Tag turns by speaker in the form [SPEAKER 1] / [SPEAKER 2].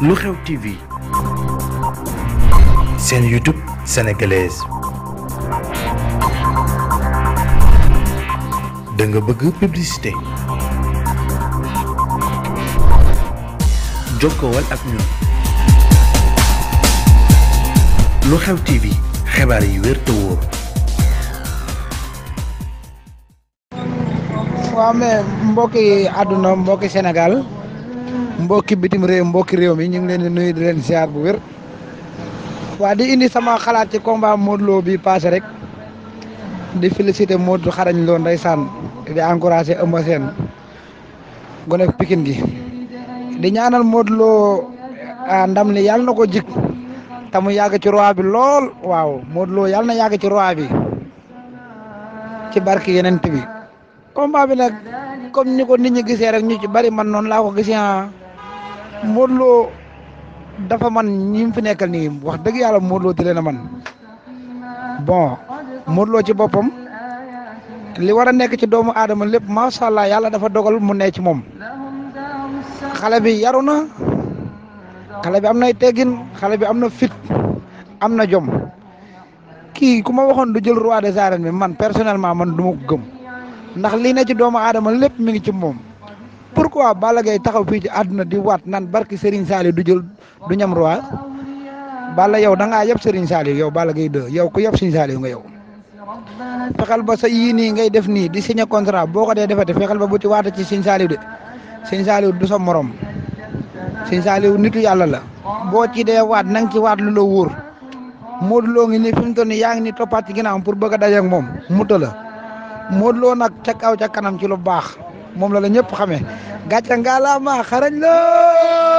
[SPEAKER 1] lu xew TV seen YouTube sénégalaise da bëgg publicité jokkowal ak ñun lu xew TV xibaar yi wér te wóor. waaw mbokki àdduna mbokki Sénégal. mbokki bitim réew mbokki réew mi ñu ngi leen di nuyu di leen ziar bu wér waa di indi sama xalaat ci combat Modou bi passé rek di félicité Modou xarañ Lo ndeysaan di encouragé Eumeu Sène gone Pikine gi di ñaanal Modou Lo ndam li yàlla na ko jik te mu yàgg ci roi bi lool waaw Modou Lo na yàgg ci roi bi ci barke yeneen bi combat bi nag comme ni ko nit ñi gisee rek ñu ci bari man noonu laa ko gisee ah. Modou Lo dafa man ñi fi nekkal nii wax dëgg yàlla Modou Lo di leen a man bon Modou Lo ci boppam li war a nekk ci doomu aadama lépp macha allah yàlla dafa dogal mu ne ci moom xale bi yaru na xale bi am nay teggin xale bi am na fit am na jom kii ku ma waxoon du jël roi des arènes bi man personnellement man du ma ko gëm ndax lii ne ci doomu aadama lépp mi ngi ci moom. pourquoi Balla Gaye taxaw fii ci àdduna di waat nan barki Serigne Saliou du jël du ñam roi Balla yow da ngaa yab Serigne Saliou yow Balla Gaye 2 yow ku yab Serigne Saliou nga yow fexeel ba sa yii nii ngay def nii di signé contrat boo ko dee defate fexeel ba bu ci waata ci siñ Saliou de Serigne Saliou du sa morom Serigne Saliou nitu yàlla la boo ci dee waat na nga waat lu la wuur Modou Lo ngi nii fi mu toll yaa ngi ni toppaat ci ginnaawam pour bëgg a daje ak moom muta la Modou Lo nag ca ca kanam ci lu baax moom la la ñëpp xamee gàcce ngalaama xarañ la